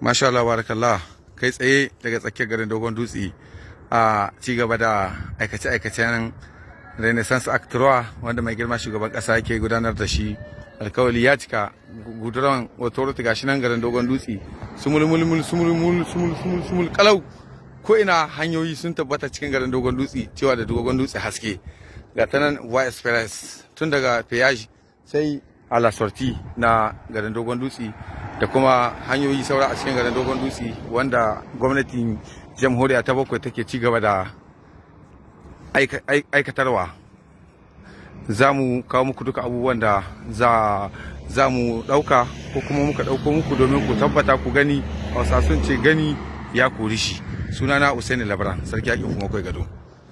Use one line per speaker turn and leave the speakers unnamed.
masha Allah barakallah kai tsaye daga tsakiyar garin dogon dutse a ci gaba da aikace-aikacen renaissance act wanda mai girma shugaban kasa yake gudanar da shi alkawali ya cika guduran wato gashi nan garin dogon dutse sumul sumul sumul sumul kalau ko ina hanyoyi sun tabbata cikin garin dogon dutse cewa da dogon dutse haske ga ta nan y express tun daga peyaji sai a na garin dogon dutse da kuma hanyoyi saura a cikin garin dogon dutse wanda gwamnatin jamhuriya ta bakwai take ci gaba da aikatarwa za mu kawo muku duka abubuwan da za mu ɗauka ko kuma muka ɗauko muku domin ku tabbata ku gani wasa sun ce gani ya kori shi sunana usaini labran sarki
yakin kuma kai gado